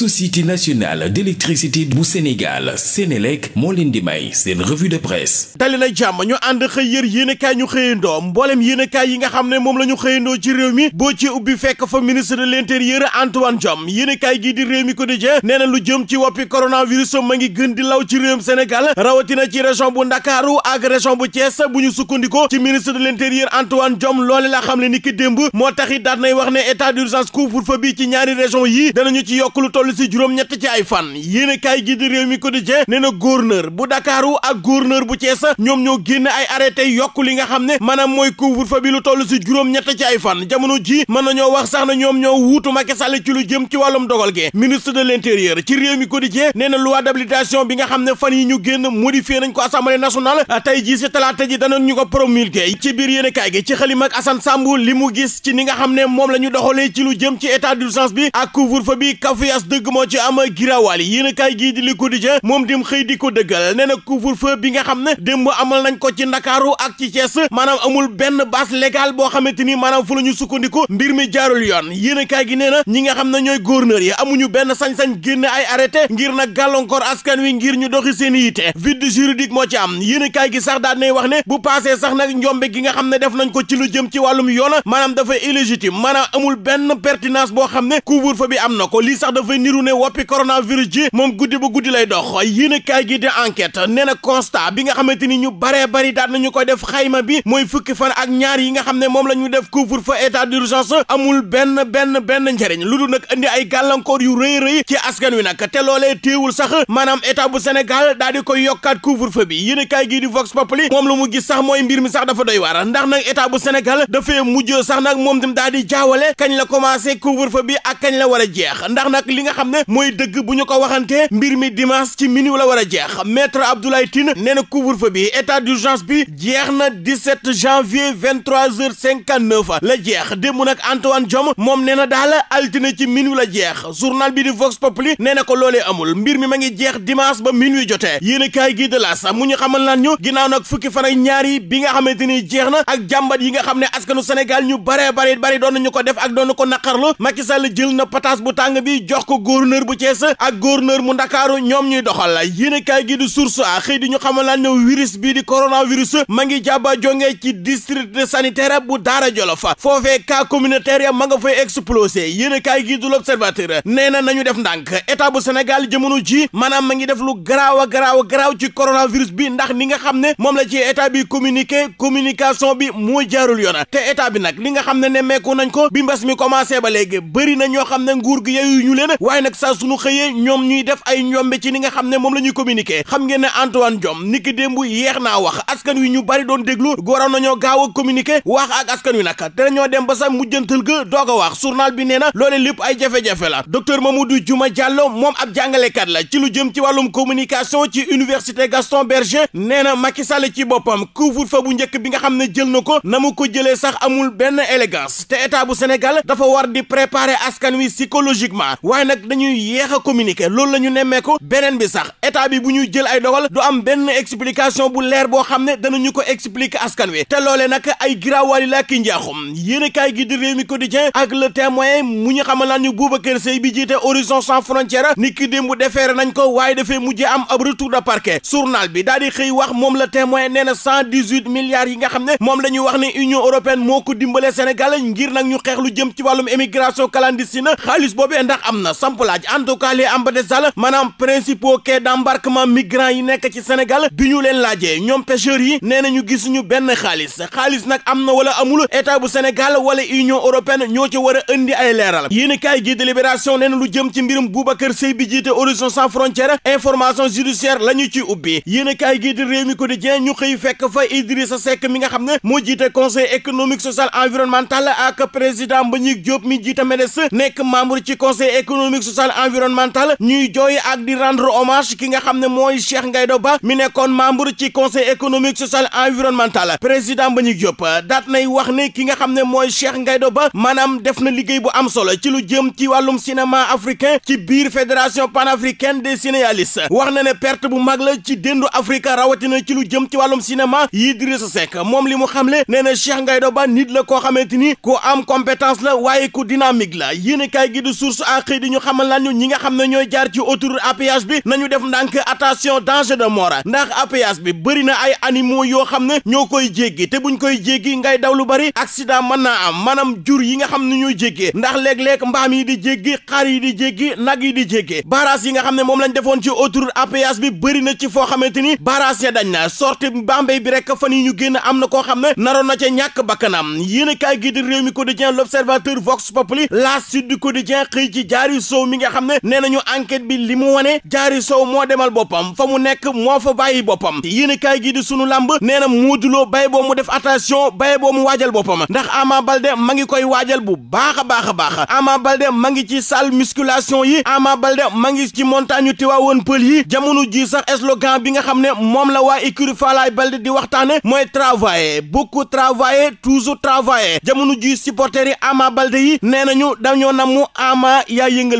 société nationale d'électricité bu Sénégal Sénélec moo leen di may seen revue de presse dali na jàmm ñu ànd xëy yër yéenekaay ñu xëyandoo mbooleem yéenekaay yi nga xam ne moom la ñu ci réew mi boo ci ubbi fekk fa ministre de l'intérieur Antoine Diome yéenekaay gi di réew mi quotidien nee na lu jëm ci woppi coronavirus ma ngi gën di law ci réewum Sénégal rawatina ci région bu Ndakaaru ak région bu Thiès bu ñu sukkandikoo ci ministre de l'intérieur toll si juróom-ñett ci ay fan yéen a kaay gi di réew mi quotidien nee na gouverneur bu Dakaaru ak gouverneur bu Thiès ñoom ñoo génn ay arrêté yokk li nga xam ne maanaam mooy couvre-feu bi lu toll si juróom-ñett ci ay fan jamono ji mën nañoo wax sax na ñoom ñoo wuutuma Macky Sall ci lu jëm ci wàllum dogal gee ministre de l'intérieur ci réew mi di quotidien nee na loi d'habilitation bi nga xam ne fan yi ñu génn modifié nañ ko assemblée nationale ah, tey jii si talaate ji dana ñu ko promulgué ci biir yéen a gi ci xalim ak Assane li mu gis ci ni nga xam ne moom la ñu doxalee ci lu jëm ci état d'urgence bi bi kafuyaas dëgg moo ci am girawaal yéen a kaay gii di li quotidien moom dim xëy di ko dëggal nee na couvre-feu bi nga xam ne démb amal nañ ko ci ndakaaru ak ci Thiès maanaam amul benn base légale boo xamante ni maanaam fu la ñu sukkandiku mbir mi jaarul yoon yéen a kaay gi nee na ñi nga xam ne ñooy gouverneur yi amuñu benn sañ-sañ génne ay arrêté ngir nag gàllankoor askan wi ngir ñu doxi seen yitte vide juridique moo ci am yéen kaay gi sax daan nay wax ne bu passé sax nag njombe gi nga xam ne def nañ ko ci lu jëm ci wàllum yoon maanaam dafa illégitime maanaam amul benn pertinence boo xam ne couvre na ko lii sax niru ne woppi coronavirus ji moom guddi ba guddi lay dox yéen a kaay gi di enquête nee na constat bi nga xamante ni ñu baree bari daat nañu koy def xayma bi mooy fukki fan ak ñaar yi nga xam ne moom la ñu def couvre feu état d'urgence amul benn benn benn njëriñ lu dul nag indi ay gàllankoor yu rëy rëy ci askan wi nag te loolee téewul sax maanaam état bu Sénégal daal di koy yokkaat couvre bi yéen a gii di Vox Populi moom lu mu gis mooy mbir mi sax dafa doy waar ndax nag état bu Sénégal dafay mujj sax nag moom tam daal di jaawale kañ la commencé couvre bi ak kañ la war a jeex nga xam ne mooy dëgg bu ñu ko waxantee mbir mi dimanche ci minuit la war a jeex maître Abdoulaye Tine nee na couvre-feu bi état d'urgence bi jeex na 17 janvier 23h59 la jeex démb nag Antoine Diome moom nee na daal altine ci minuit la jeex journal bi di Vox Populi nee na ko loolee amul mbir mi ma ngi jeex dimanche ba minuit jotee yéen a kaay gi de laas mu ñu xamal lan ñu ginnaaw nag fukki fan ak ñaar yi bi nga xamante ni jeex na ak jàmbat yi nga xam ne askanu Sénégal ñu baree bari bari doon nañu ko def ak doon ko naqarlu Macky Sall jël na pataas bu tàng bi jox gouverneur bu Thiès ak gouverneur mu Ndakaaru ñoom ñuy doxal la yéenekaay gi di source a xëy di ñu xamal laan ne virus bii di coronavirus ma ngi jàbba jonge ci district sanitaire bu Daara Jolof foofee cas communautaire ya ma nga fay explosé yéenekaay gi du l'Observateur nee na ñu def ndànk état bu Sénégal jamono ji maanaam ma ngi def lu garaaw a garaaw garaaw ci coronavirus bi ndax ni nga xam ne moom la ci état bi communiqué communication bi moo jaarul yoon te état bi nag li nga xam ne nemmeeku nañ ko bi mbas mi commencé ba léegi bëri na ñoo xam ne nguur gi yeyu ñu leen waaye nag saa sunu xëyee ñoom ñuy def ay njombe ci ni nga xam ne moom la ñuy communiqué xam ngeen ne Antoine Diome niki démb yeex na wax askan wi ñu bari doon déglu waroon nañoo gaaw a communiqué wax ak askan wi nag te dañoo dem ba sax mujjantal ga doog wax journal bi nee na loolee lépp ay jafe-jafe la docteur Mamadou Diouma Diallo moom ab jàngalekat la ci lu jëm ci wàllum communication ci université Gaston Berger nee na Macky Sall ci boppam couvre-feu bu njëkk bi nga xam ne jël na ko na ko jëlee sax amul benn élégance te état bu Sénégal dafa war di préparer askan wi psychologiquement waaye nag nag dañuy yéex a communiquer loolu la ñu nemmeeku beneen bi sax état bi bu ñuy jël ay dogal du am benn explication bu leer boo xam ne ñu ko expliquer askan wi te loolee nag ay giraawaali la ki njaaxum yéen a kaay gi di réew mi quotidien ak le témoin mu ñu xamal naan ñu Boubacar Seye bi jiite Horizon sans frontières ni ki démb defeere nañ ko waaye dafay mujjee am ab retour de parquet journal bi daal di xëy wax moom la témoin nee na cent dix huit milliards yi nga xam ne moom la ñuy wax ne Union européenne moo ko dimbalee Sénégal ngir nag ñu xeex lu jëm ci wàllum émigration clandestine xaalis boobee ndax am na samp laaj en tout cas li am ba des daal maanaam principaux quai d'embarquement migrants yi nekk ci Sénégal bi ñu leen laajee ñoom pêcheurs yi nee nañu gisuñu benn xaalis xaalis nag am na wala amul état bu Sénégal wala Union ñoo ci war a indi ay leeral yéen kaay gi de Libération nee lu jëm ci mbirum Boubacar Sèye bi jiite Horizon sans frontières information judiciaire la ci ubbi yéen kaay gi de Rewmi Quotidien ñu xëy fekk fa Idrissa Seck mi nga xam ne moo jiite conseil économique social environnemental économique sociale environnementale ñuy jooy ak di rendre hommage ki nga xam ne mooy Cheikh Ngaïdo Ba mi nekkoon membre ci conseil économique social environnemental président Mbagnick Diop daat nay wax ne ki nga xam ne mooy Cheikh Ngaïdo Ba maanaam def na liggéey bu am solo ci lu jëm ci wàllum cinéma africain ci biir fédération panafricaine de cinéastes wax na ne perte bu mag la ci déndu Afrique rawatina ci lu jëm ci wàllum cinéma yi Idrissa Seck moom li mu xamle nee na Cheikh Ngaïdo Ba nit la koo xamante ni ku am compétence la waaye ku dynamique xamal lan ñu ñi nga xam ne ñooy jaar ci autoroute à bi nañu def ndànk attention danger de mora ndax à bi bëri na ay animaux yoo xam ne ñoo koy jéggi te buñ koy jéggi ngay daw lu bëri accident mën naa am maanaam jur yi nga xam ne ñooy jéggee ndax léeg-léeg mbaam yi di jéggi xar yi di jéggi nag yi di jéggee barrage yi nga xam ne moom lañ defoon ci autoroute à bi bëri na ci foo xamante ni barrage ya dañ na sortie Bambey bi rek fan yi ñu génn am na koo xam ne naroon na ca ñàkk bakkanam yéen a kaay gi di réew mi quotidien l'observateur vox populi la sud du quotidien xëy ci jaar Sow mi nga xam ne nee nañu enquête bi li mu wane jaari Sow moo demal boppam fa mu nekk moo fa bàyyi boppam yéen kaay gi di sunu làmb nee na Modou Lo bay boo mu def attention bay boo mu waajal boppam ndax Ama Balde ma ngi koy waajal bu baax a baax a baax Ama Balde ma ngi ci salle musculation yi Ama Balde ma ngi ci montagne yu Tiwaawoon pël yi jamono ji sax slogan bi nga xam ne moom la waa écurie Falaye Balde di waxtaane mooy travailler beaucoup travailler toujours travailler jamono ji supporters yi Ama Balde yi nee nañu dañoo namu Ama yaa yëngal